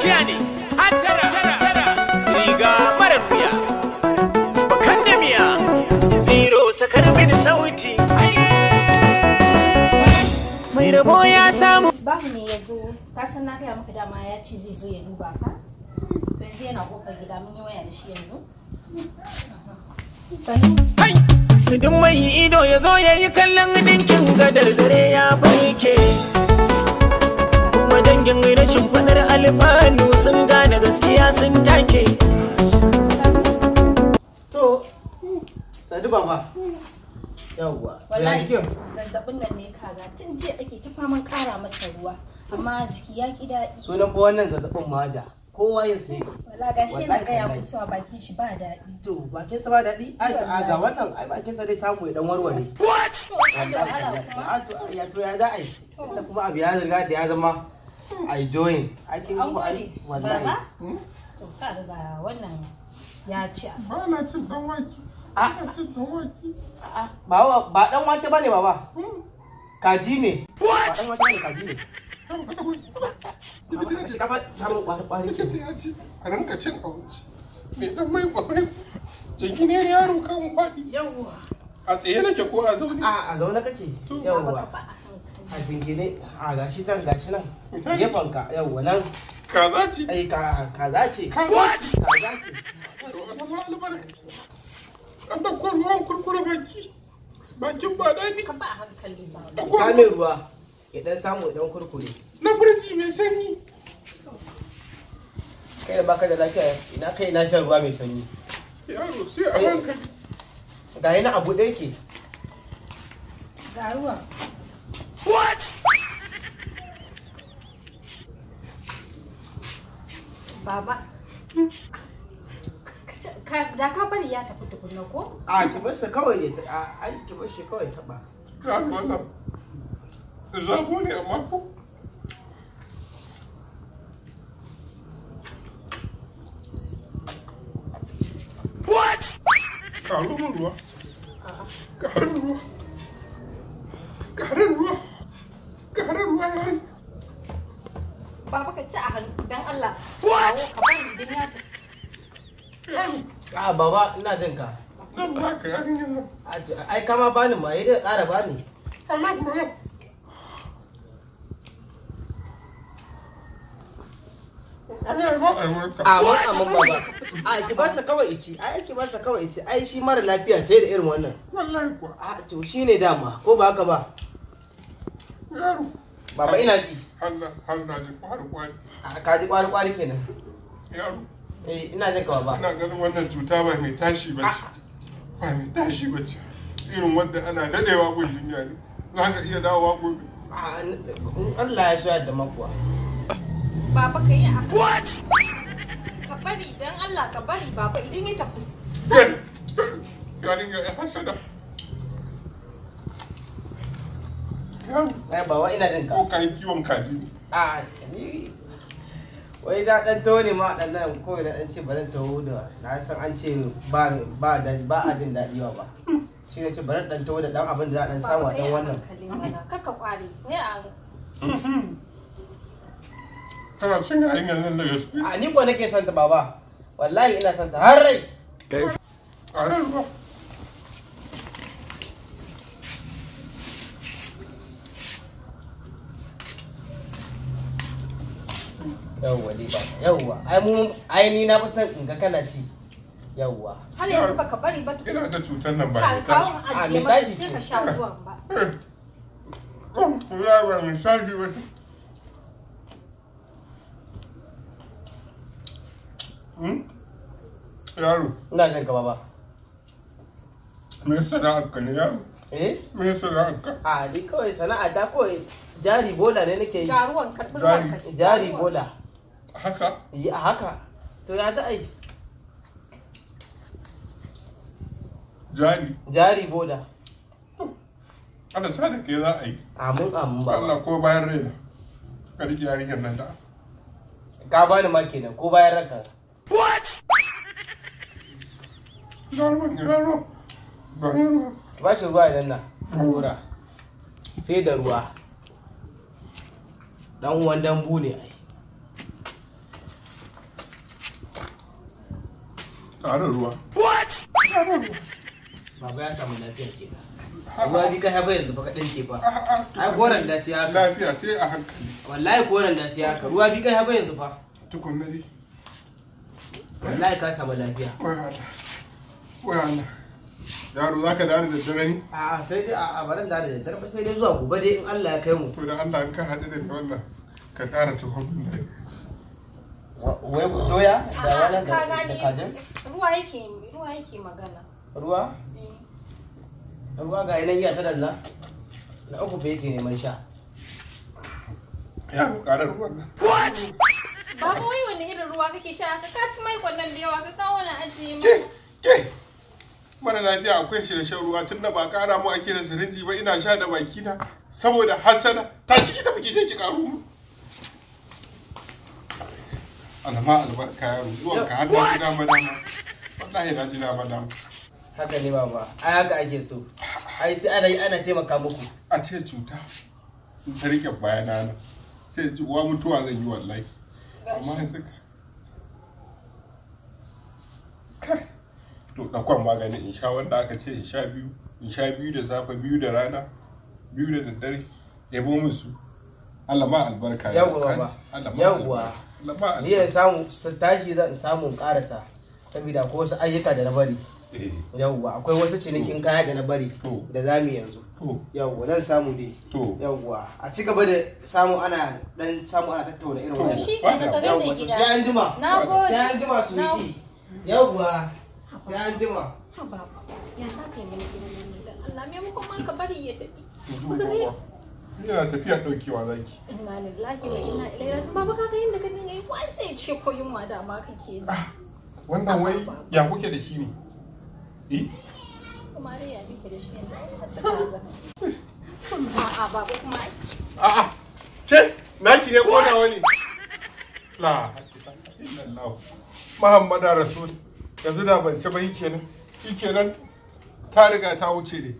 gaskiya ne hattara riga marar wuya bakan da miya zero sakar min sauti mai rabo ya samu babu ne ya zo ka san na kaya maka dama ya ce zai zo ya duba ka to yanzu yana kofar gida mun yi waya da shi yanzu Hai! Idan mai ido ya zo ya yi kallon dinkin gadar dare ya barke. alfanu sun gane gaskiya sun take to sadu baba yawwa wallahi zazzabin nan ne kaga tun je ake ta faman kara masa ruwa amma jiki ya ki daɗi sunan ba wannan zazzabin maja kowa ya sai wala gashi na yana gaya mun cewa bakin shi ba daɗi to bakin sa ba daɗi ai ga ga wannan ai bakin sa dai samu ya dan warware what To, ya to ya za a yi kuma abu ya riga da ya zama I join. I can go I wallahi. Hmm? To ka ga wannan ya ci. Ba na cin dan wake. Ah. Ba cin dan wake. Ah, ba hmm. ba dan wake bane Kaji ne. Ba dan wake ne kaji ne. A tsaye nake ko a zaune? Ah, a zaune kake. Yawwa. a jingine a ah, gashi nan gashi nan gefen ka yawwa nan kaza ce ai ka kaza ce kaza ce kaza ce an da ruwan kurkure baki bakin ba da ni ka ba hankali ba ka ruwa ya dan samu dan kurkure na furji mai sanyi kai da baka da lafiya ina kai na shan ruwa mai sanyi yaro sai a eh. hankali ga yana abu ɗaya ke ga ruwa What? Baba. Da ka bari ya tafi tukunna ko? A ki bar sa kawai ya ta ai ki bar shi kawai taba. Ka ne amma ko? What? Ka ruwa. Ka ruwa. Ka ruwa. kare ka ci a i dan Allah what ah, baba ina jin ka ai kama bani ma yi da bani a wani amon baba a ah, ki sa kawai ici ai ki sa kawai ici ai shi mara lafiya sai da irin wannan a ah, to shine dama ko ba haka ba Baba ina ji. Har na ji kwari kwari. Ah, ka ji kwari kwari kenan. Yaro. Eh ina jin ka baba. Ina ganin wannan cuta ba mai tashi ba ce. Ba mai tashi ba ce. Irin wanda ana dadewa gun jinya ne. Za ka iya dawowa gobe. Ah, Allah ya so da makuwa. Baba ka yi a What? Ka bari don Allah ka bari baba idan ya tafi. Ka dinga hasada. Wai eh, ba wai ina jin ka. Ko kai kiwon kaji ne. ni wai da dan taho ne ma dan nan ko da dan ce ba dan taho na san an ce ba ba da ba a jin daɗi ba. Shi ne ce bari dan taho da dan abin da za a dan samu a dan wannan. Kaka kware. Ya Kana cin yarinyar nan da gaske. A ni ko nake santa baba. Wallahi ina santa har rai. Kai. A rai ba. yawwa ne ba yawwa ai mu ai ni na san in ga kana ci yawwa har yanzu baka bari ba ina da cutar nan ba ka a ne ka ci ka sha ruwan ba eh, ya ba mun hmm? sha yaro ina jin ka baba me sana'ar ka ne yaro eh me sana'ar ka a ah, ni kawai sana'a da kawai jari bola ne nake yi jari bola haka yi a haka to ya za a yi jari jari boda Allah sa da ke za a yi amin amin ba Allah ko bayan raina ka k'i yarinyar nan da ka bani ma kenan ko bayan ranka what Jarman, jarman, jarman. Ba shi ruwa idan na. kura. Sai da ruwa. Dan uwan dambu ne ai. ƙarar ruwa what ruwa baba ya samu lafiya kenan ruwa bi ka haifa yanzu ba kaɗan ke ba ai goron da siya haka lafiya sai a hankali wallahi goron da siya haka ruwa bi ka haifa yanzu fa tukun nari wallahi ka samu lafiya wai yaro za ka dare da dare ne? sai dai a baran dare da dare ba sai dai zuwa gobe dai in Allah ya kai mu to da Allah ka haɗu da wannan ka ƙara tuhon wai doya da da kajin ruwa yake ruwa magana ruwa eh. ruwa ga yanayi ya tarar na na uku ba yake neman sha ya ruwa ruwan nan babu wai wani irin ruwa kake sha ka kaci mai kwanan da yawa ka kawo na ajiye mu ke mana lafiya akwai shi da shan ruwa tun da ba kara mu ake da sirinji ba ina sha da baki na saboda hasana ta shi ki tafi ki je ki karu mu alama albarka ya zuwan ka har na ji dama wallahi na ji dama dama haka ne baba A haka ake so ai sai ana yi ana taimaka muku a ce cuta in ta rike bayana na sai ji uwa mutuwa zan yi wallahi amma yanzu ka to dakon magani in sha wanda aka ce in sha biyu in sha biyu da safe biyu da rana biyu da daddare bo min su Allah ba albarka yawwa yawwa ni ya samu tashi zan samu karasa saboda ko wasu ayyuka da na bari eh. yawwa akwai wasu cinikin kaya da na bari da za mu yanzu yawwa zan samu ne yawwa a ci gaba da samu ana dan samu ana tattauna irin wannan yawwa to sai an jima sai an jima su yi yawwa sai an jima ya sa kai mini Allah me muka ma ka bari ya tafi yana tafiya wa zaki inna lillahi wa Ina ilaihi raji'un baba kaga yanda ka dinga yi wai sai ce ko yunwa da ma kake yi ah, wannan wai ya kuke da shi ne eh kuma dai ya kike da shi ne a'a baba kuma a'a ke naki ne kona wani la Muhammad Rasul yanzu da ban ci ba kenan kenan ta riga ta wuce ne